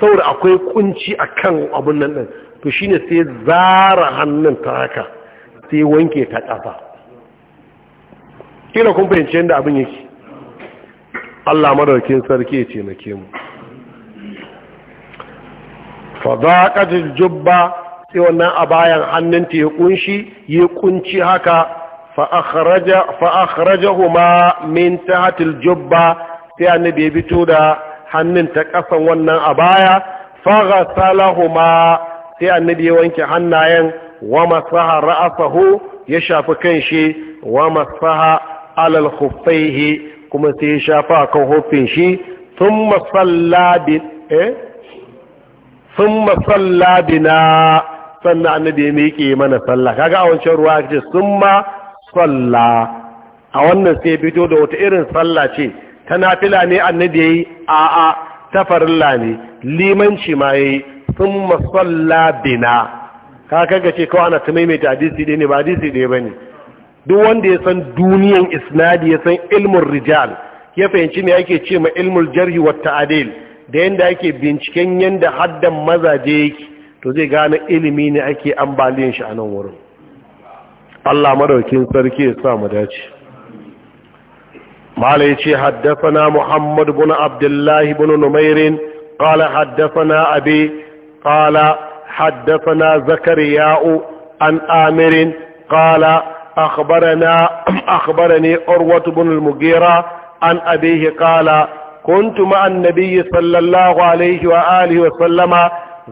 saboda akwai kunci a kan abin nan ɗin to shi ne sai zara hannun ta haka sai wanke ta ƙafa kira kun fahimci yadda abin yake Allah madaukin sarki ya ce na ke mu fadaqat al-jubba sai wannan abayan hannunta ya kunshi ya kunci haka fa akhraja min tahti jubba sai annabi ya fito da hannun ta ƙasan wannan baya fa ma sai annabi ya wanke hannayen wa masaha ra'asahu ya shafi kanshi wa masaha alal khuffaihi kuma sai ya shafa kan hufin shi thumma salla bi eh sun masalla bina sannan annabi ya miƙe mana sallah kaga a wancan ruwa ce sun ma a wannan sai fito da wata irin salla ce ta nafila ne annabi ya yi a a ta farilla ne limanci ma ya yi sun masalla bina ka kaga ce kawai ana ta maimaita hadisi ɗaya ne ba hadisi ɗaya ba ne duk wanda ya san duniyan isnadi ya san ilmin rijal ya fahimci me ake ce ma ilmul jarhi wa ta'adil da yadda ake binciken yadda haddan mazaje yake to zai gane ilimi ne ake ambaliyan shi a nan wurin Allah madaukin sarki ya sa mu dace mala yace haddathana muhammad ibn abdullah ibn numair qala haddathana abi qala haddathana zakariya an amir qala اخبرنا اخبرني عروه Mugera? An عن ابيه قال كنت مع النبي صلى الله عليه وآله وسلم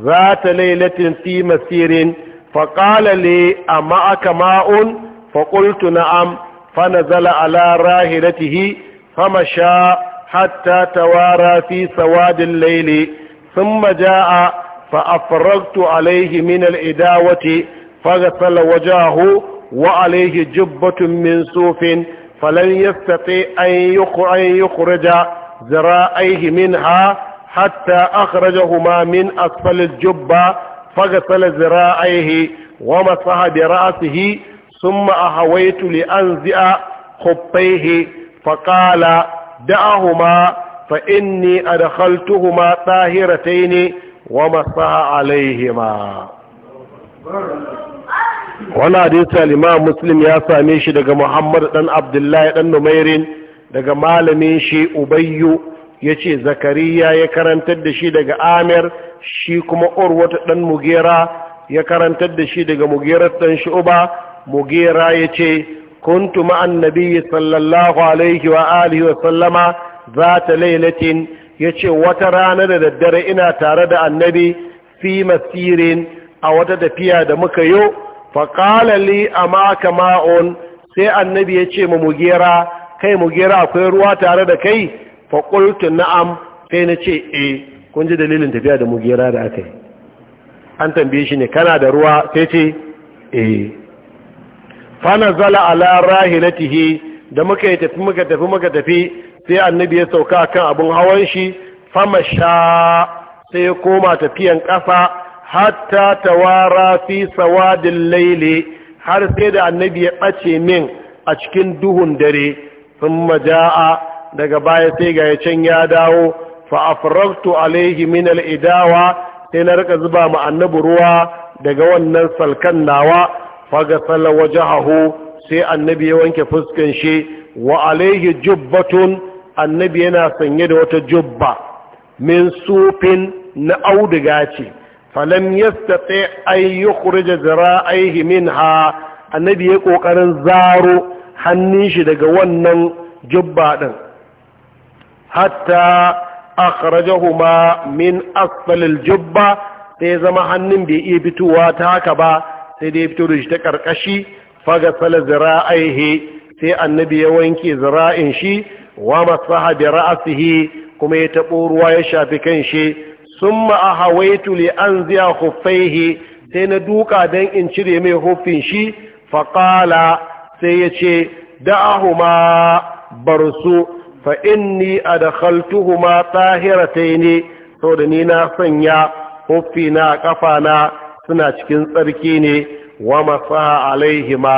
ذات ليلة في مسير فقال لي أمعك ماء فقلت نعم فنزل على راهلته فمشى حتى توارى في سواد الليل ثم جاء فأفرغت عليه من الإداوة فغسل وجهه وعليه جبة من صوف فلن يستطيع أن يخرج ذراعيه منها حتى أخرجهما من أسفل الجبة فغسل ذراعيه ومسح برأسه ثم أهويت لأنزئ خبيه فقال دعهما فإني أدخلتهما طاهرتين ومسح عليهما wani hadisi al-imam muslim ya same shi daga muhammad dan abdullahi dan numairin daga malamin shi ubayyu ya ce zakariya ya karantar da shi daga amir shi kuma urwata ɗan mugera ya karantar da shi daga mugerar ɗan shu'uba mugera ya ce kuntu ma'an nabi sallallahu alaihi wa alihi wa sallama za ta lailatin ya ce wata rana da daddare ina tare da annabi fi masirin a wata tafiya da muka yi faƙalali a maka ma'on sai annabi ya ce ma mugera kai mugera akwai ruwa tare da kai faƙultu na'am sai na ce eh kun ji dalilin tafiya da mugera da aka yi an tambaye shi ne kana da ruwa sai ce e eh. fana zala ala rahilatihi da muka tafi muka tafi muka tafi sai annabi ya sauka kan abin hawan shi fama sha sai ya koma tafiyan kafa hatta tawara fi sawadin laili har sai da annabi ya ɓace min a cikin duhun dare ثم جاء daga baya sai ga can ya dawo fa afraktu alaihi min al-idawa sai na rika zuba ma annabi ruwa daga wannan salkan nawa fa gasala wajahu sai annabi ya wanke fuskan shi wa alaihi jubbatun annabi yana sanye da wata jubba min sufin na auduga ce falam yastati ay yukhrij zira'aihi minha annabi ya kokarin zaro hannun shi daga wannan jubba ɗin hatta akhrajahuma min asfalil jubba sai zama hannun bai iya fitowa ta haka ba sai dai fito da shi ta ƙarƙashi, faga sala zira'aihi sai annabi ya wanke zira'in shi wa masaha bi ra'sihi kuma ya taɓo ruwa ya shafi kan shi summa ahawaitu li anziya khuffaihi sai na duka dan in cire mai hufin shi faqala sai ya ce da'ahuma bar su fa inni adkhaltuhuma ne saboda ni na sanya huffi na kafana suna cikin tsarki ne wa masa alaihima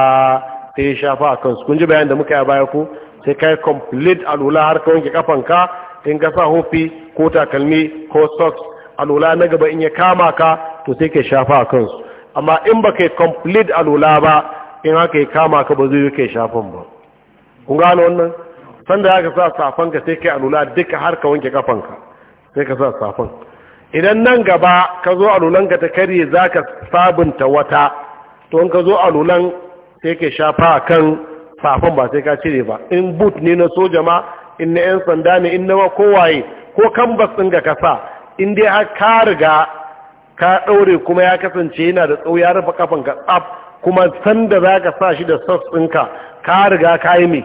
sai shafa a kansu kun ji bayan da muka yi baya ku sai kai complete alula har ka wanke kafanka in ka sa hufi ko takalmi ko socks alula na gaba in ya kama ka to sai ka shafa a kansu amma in ba ka yi complete alula ba in haka ya kama ka ba zai yake shafan ba kun gano wannan sanda ya ka sa safan ka sai kai alula duka har ka wanke kafanka sai ka sa safan idan nan gaba ka zo alulan ka ta karye zaka sabunta wata to in ka zo alulan sai ka shafa kan safan ba sai ka cire ba in boot ne na soja ma in na yan sanda ne in na kowaye ko kambas ɗin ga ka sa in dai har ka riga ka ɗaure kuma ya kasance yana da tsawo ya rufe kafan ka tsaf kuma sanda za ka sa shi da sassinka ka riga ka yi mai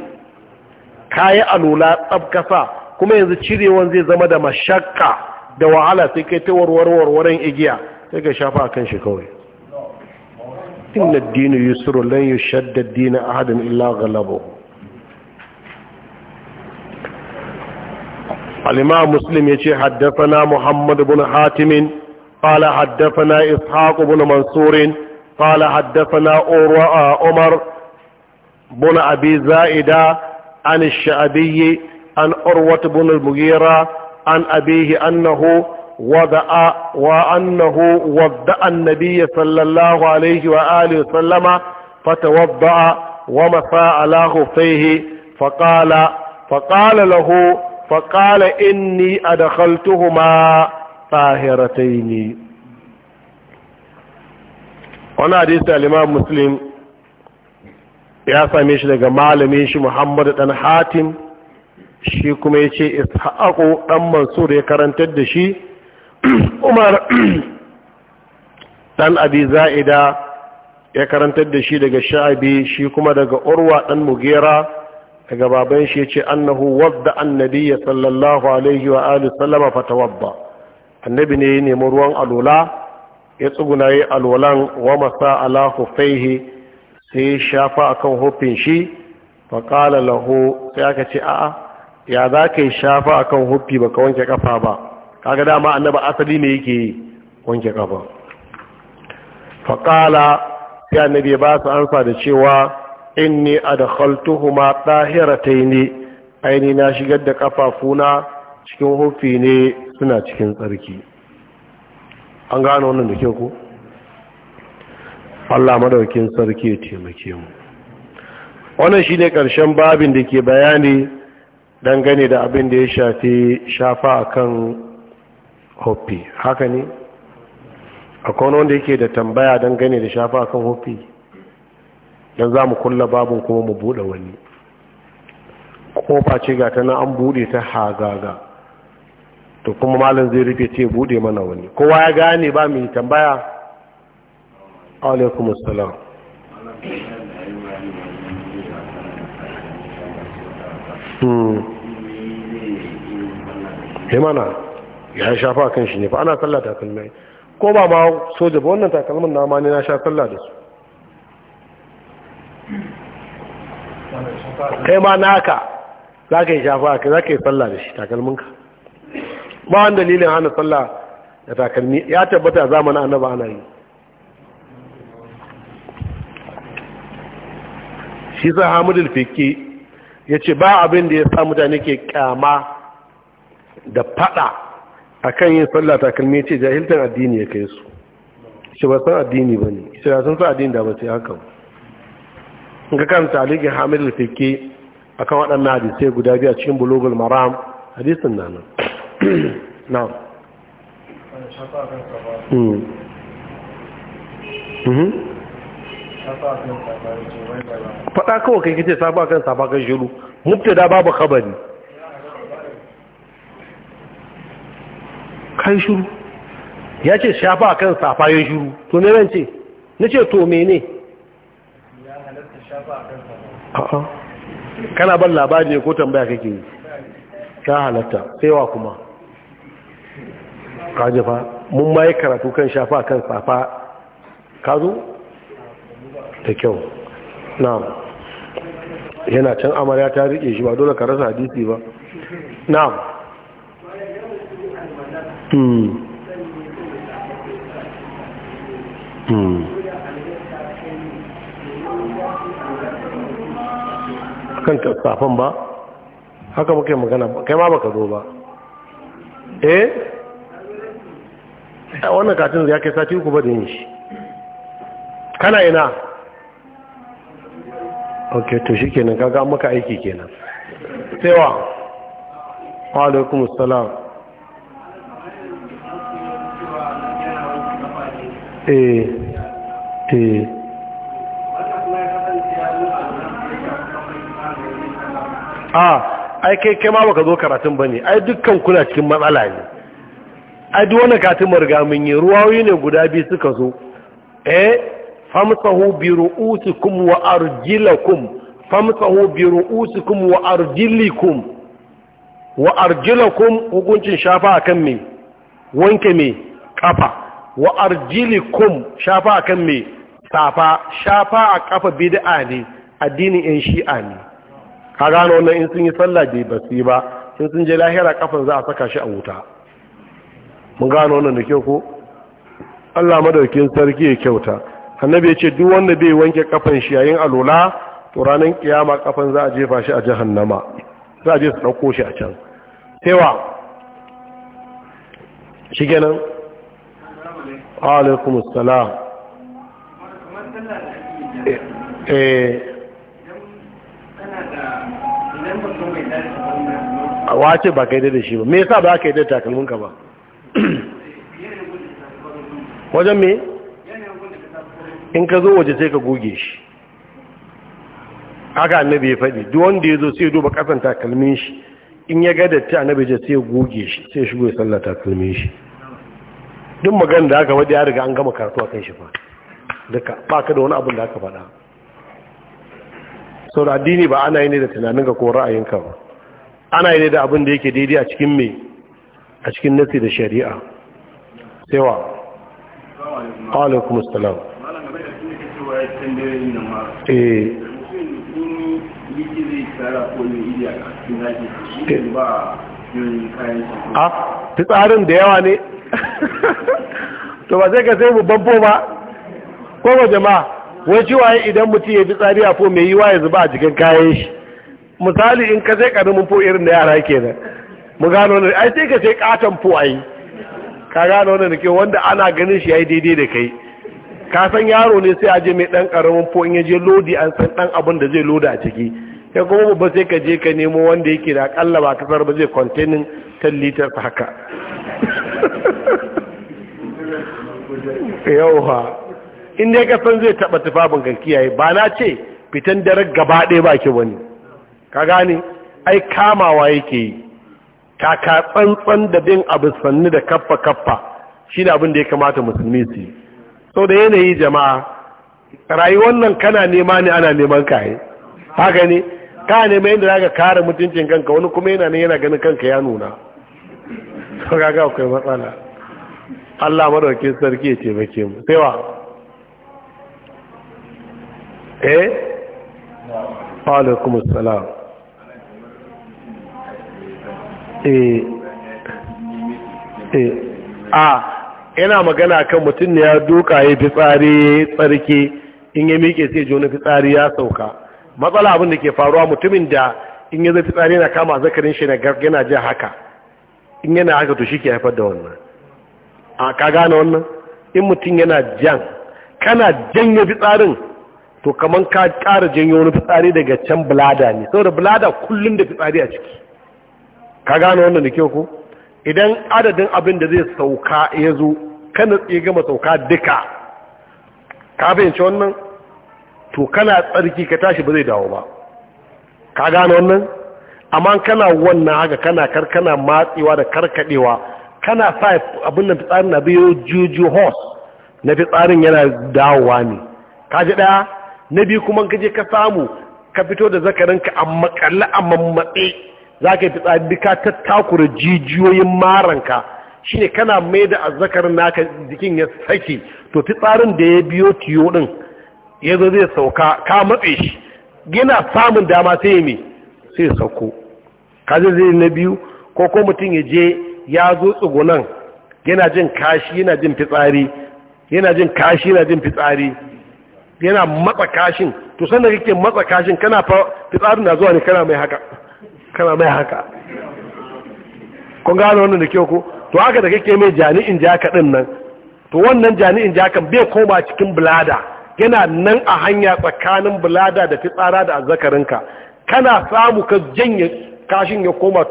ka yi alula tsabkasa kuma yanzu cirewan zai zama da mashakka da wahala sai kai ta warwarwarwarin igiya sai ka shafa a kan shi kawai inna dinu yusru lan yushadda dinu ahadin illa ghalabo al-imam muslim yace haddathana muhammad ibn hatim haddasa na ishaq bin Mansurin. قال حدثنا عمر بن أبي زائدة عن الشعبي عن أروة بن المغيرة عن أبيه أنه وضع وأنه وضع النبي صلى الله عليه وآله وسلم فتوضأ ومسى على خفيه فقال فقال له فقال إني أدخلتهما طاهرتين wani hadisi alimam muslim ya same shi daga malamin shi muhammadu dan hatim shi kuma ya ce ishaqu dan mansur ya karantar da shi umar ɗan abi za'ida ya karantar da shi daga sha'abi shi kuma daga urwa ɗan mugera daga baban shi ya ce annahu wadda ya sallallahu alaihi wa alihi sallama annabi ne ya nemi ruwan alula ya tsuguna yi alwalan wa masa ala hufaihi sai shafa akan hufin shi fa lahu sai aka ce a'a ya za ka yi shafa akan hufi baka wanke kafa ba kaga dama annaba asali ne yake wanke kafa fa qala sai annabi ba su ansa da cewa inni adkhaltuhuma ne aini na shigar da kafafuna cikin hufi ne suna cikin tsarki an gano wannan da ke ku Allah madaukin sarki ya taimake mu wannan shine karshen babin da ke bayani dangane da abin da ya shafi shafa akan hoppi haka ne akwai wanda yake da tambaya dangane da shafa akan hoppi dan za mu kulla babin kuma mu bude wani kofa ce ga ta na an buɗe ta hagaga to kuma malam zai rufe ce bude mana wani kowa ya gane ba mai tambaya alaikum assalam ya hmm. eh mana ya shafa kan shi ne fa ana sallah takalmai ko ba ma soja ba wannan takalmin na ma ne na sha sallah da su kai ma naka za ka yi shafa ka za ka yi sallah da shi takalminka ba wani dalilin hana sallah da takalmi ya tabbata zamanin annaba ana yi shi sa hamidul fiki ya ce ba abin da ya sa mutane ke kyama da fada akan yin sallah takalmi ce jahiltar addini ya kai su shi ba san addini ba ne shi ba san sa addini da ba sai haka ga kan talikin hamidul fiki akan waɗannan hadisai guda biya cikin bulogul maram hadisin nanan na'am hmm. Hmm. faɗa kawai kai kace saba kan saba kan shiru mubtada babu khabari kai shiru ya ce shafa kan safa ya shiru to me ran ce na ce to mene kana ban labari ne ko tambaya kake yi ta halatta sai wa kuma kaji fa mun ma yi karatu kan shafa kan safa ka zo da kyau Na yana can amarya ta rike shi ba dole ka rasa hadisi ba Na hmm hmm kan safan ba haka muke magana kai ma baka zo ba eh a wannan katin ya kai sati uku ba da yin shi kana ina ok to shi kenan kaga maka aiki kenan sewa alaikum salam eh eh a ah, aikai kai kai ma baka zo karatun bane ai dukkan kuna cikin matsala ne adi wani katin marga mun yi ruwayoyi ne guda biyu suka zo eh famsahu bi ru'usikum wa arjilakum famsahu bi ru'usikum wa arjilikum wa arjilakum hukuncin shafa akan me wanke me kafa wa arjilikum shafa akan me safa shafa a kafa bid'a ne addinin yan shi'a ne ka gano wannan in sun yi sallah bai basi ba in sun je lahira kafan za a saka shi a wuta mun gano wannan da kyau ko Allah madaukin sarki ya kyauta annabi yace ce duk wanda bai wanke kafan shi yayin alola to ranar kiyama kafan za a jefa shi a jahannama za a je su dauko shi a can cewa nan. Wa alaikum assalam eh, eh a wace ba ka yi da shi ba me yasa ba ka yi da takalminka ba wajen me in ka zo waje sai ka goge shi haka annabi ya faɗi duk wanda ya zo sai duba ƙasan takalmin shi in ya ga datti annabi ya sai goge shi sai shigo ya sallah takalmin shi duk magana da aka faɗi ya riga an gama karatu a kan shi fa duka ba ka da wani abin da aka faɗa sau da addini ba ana yi ne da tunanin ka ko ka ba ana yi ne da abin da yake daidai a cikin me a cikin nasi da shari'a sai wa alaikum salam. Eh. a eh. ah, fitsarin da yawa ne to ba sai ka sai babbo ba ko ba jama'a wai ciwaye idan mutum ya fi tsari a fo mai yiwa ya zuba a jikin kayan shi misali in ka sai karamin fo irin da yara ke nan mu gano ne ai sai ka sai katon fo ai ka gane wanda da ke wanda ana ganin shi ya yi daidai da kai ka san yaro ne sai a je mai dan karamin po in ya je lodi an san dan abin da zai loda a ciki ya kuma babba sai ka je ka nemo wanda yake da akalla ba kasar ba zai kwantenin 10 haka yauwa in dai ka san zai taba tufafin ka kiyaye ba na ce fitan darar gaba ɗaya ba ke wani ka gane ai kamawa yake yi kaka tsantsan da bin abu sannu da kaffa kaffa shi ne abin da ya kamata musulmi su yi so da yanayi jama'a rayuwar nan kana nema ne ana neman kaye haka ne ka nema yadda za ka kare mutuncin kanka wani kuma yana ne yana ganin kanka ya nuna sau kaga akwai matsala allah madaukin sarki ya taimake mu sai wa eh alaikum assalam Eh. Eh. a yana magana kan mutum ne ya duka ya fitsari tsarki in ya miƙe sai jona fitsari ya sauka matsala abin da ke faruwa mutumin da in ya zai fitsari na kama zakarin shi na yana jin haka in yana haka to shi ke haifar da wannan a ka gane wannan in mutum yana jan kana janye fitsarin to kamar ka ƙara janyo wani fitsari daga can bulada ne saboda bulada kullum da fitsari a ciki ka gane wannan da kyau ko idan adadin abin da zai sauka ya zo kana tsaye gama sauka duka ka fahimci wannan to kana tsarki ka tashi ba zai dawo ba ka gane wannan amma kana wannan haka kana karkana matsewa da karkadewa kana sa abin da fitsarin na biyo juju hos na fitsarin yana dawowa ne ka ji daya na biyu kuma ka je ka samu ka fito da zakarinka a makalla a mammatse za ka yi fitsari duka ta takura jijiyoyin maranka shi ne kana mai da azzakarin naka jikin ya sake to fitsarin da ya biyo tiyo ɗin ya zo zai sauka ka matse shi yana samun dama sai ya mai sai sauko ka zai zai na biyu ko ko mutum ya je ya zo tsugunan yana jin kashi yana jin fitsari yana jin kashi yana jin fitsari yana matsa kashin to sannan kake matsa kashin kana fitsarin na zuwa ne kana mai haka kana mai haka kun gano wannan da kyau ko to haka da kake mai jani'in jaka din nan to wannan jani'in jakan bai koma cikin bulada yana nan a hanya tsakanin bulada da fitsara da azzakarinka kana samu ka janye kashin ya koma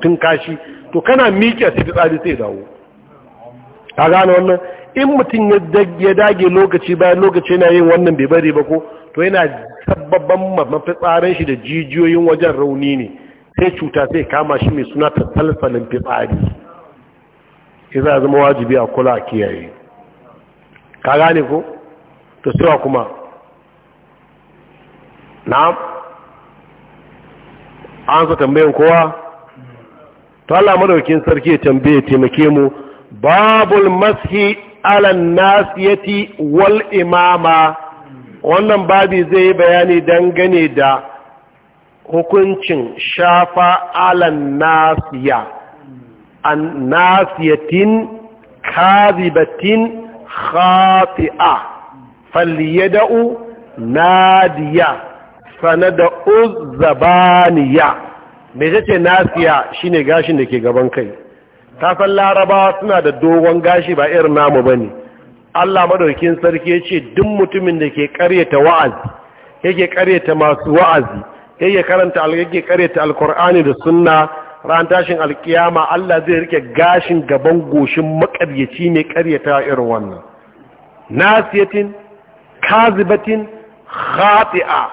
tun kashi to kana miƙe sai fitsari sai dawo ka gano wannan in mutum ya dage lokaci bayan lokaci yana yin wannan bai bari ba ko to yana sababban mafitsarin shi da jijiyoyin wajen rauni ne sai cuta sai kama shi mai suna salfalin fitsari iza zama wajibi a kula a kiyaye ka gane ko to sai kuma na an su tambayin kowa to Allah madaukin sarki ya tambaye taimake mu babul mashi alan nasiyati wal imama wannan babi zai yi bayani dangane da hukuncin shafa alan nasiya an nasiyatin kazibatin khati'a falyada'u nadiya sanada uzzabaniya me yace nasiya shine gashin da ke gaban kai ta san larabawa suna da dogon gashi ba irin namu bane Allah madaukin sarki yace duk mutumin da ke karyata wa'azi yake karyata masu wa'azi ya karanta yake karyata alkur'ani da sunna ran tashin alkiyama Allah zai rike gashin gaban goshin makaryaci ne karyata irin wannan nasiyatin kazibatin khati'a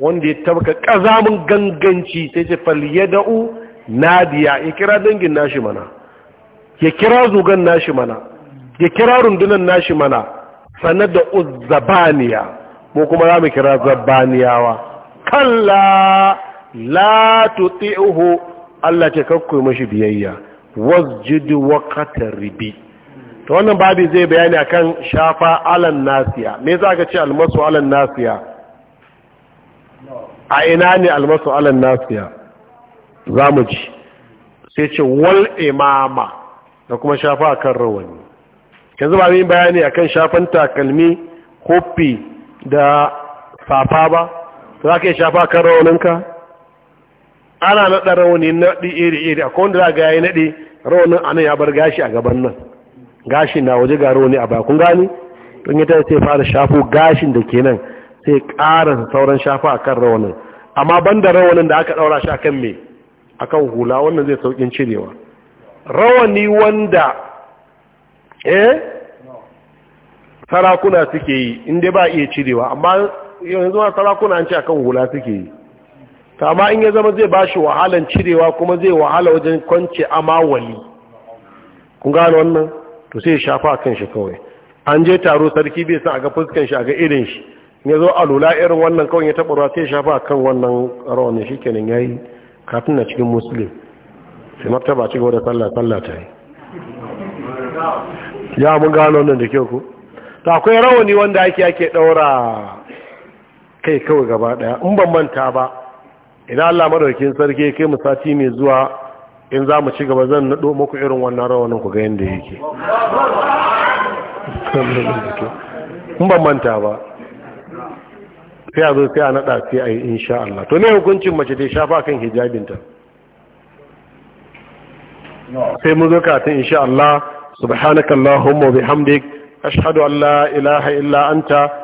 wanda ya tabka kazamin ganganci sai ce falyada'u nadiya ya kira dangin nashi mana ya kira zugan nashi mana ya kira rundunan nashi mana sanar da uzzabaniya mu kuma za mu kira zabbaniyawa kalla la tuti'uhu Allah ce kakku mashi biyayya wasjud waqtar ribi to wannan babi zai bayani akan shafa alan nasiya me za ka ce almasu alan nasiya a ina ne almasu alan nasiya zamu ji sai ce wal imama da kuma shafa akan rawani yanzu ba mu bayani akan shafan takalmi kofi da safa ba za ka yi shafa kan rawaninka ana naɗa rawani naɗi iri-iri a kowanda za ga yi naɗi rawanin ana ya bar gashi a gaban nan gashi na waje ga rawani a bakun gani don yi ta sai fara shafo gashin da ke nan sai ƙara sauran shafa a kan rawanin amma ban da rawanin da aka ɗaura shi a kan me a kan hula wannan zai sauƙin cirewa rawani wanda eh sarakuna suke yi inda ba iya cirewa amma yanzu ma sarakuna an ce akan hula suke yi kama in ya zama zai ba shi wahalan cirewa kuma zai wahala wajen kwance mawali, kun gano wannan to sai shafa a kan shi kawai an je taro sarki bai sa a ga fuskan shi a ga irin shi ya zo a lula irin wannan kawai ya taɓa ruwa sai shafa a kan wannan rawan shi kenan ya yi kafin na cikin musulun sai martaba ci gaba da sallah sallah ta yi ya mun gano wannan da kyau ku ta akwai rawani wanda ake ake ɗaura kai kawai gaba daya in ban manta ba idan Allah madaukakin sarki kai mu sati mai zuwa in za mu ci gaba zan nado muku irin wannan rawanin ku ga yanda yake in ban manta ba sai a zo sai a nada sai a insha Allah to ne hukuncin mace ta shafa kan hijabinta sai mu zo katin insha Allah subhanakallahumma wa bihamdik ashhadu an la ilaha illa anta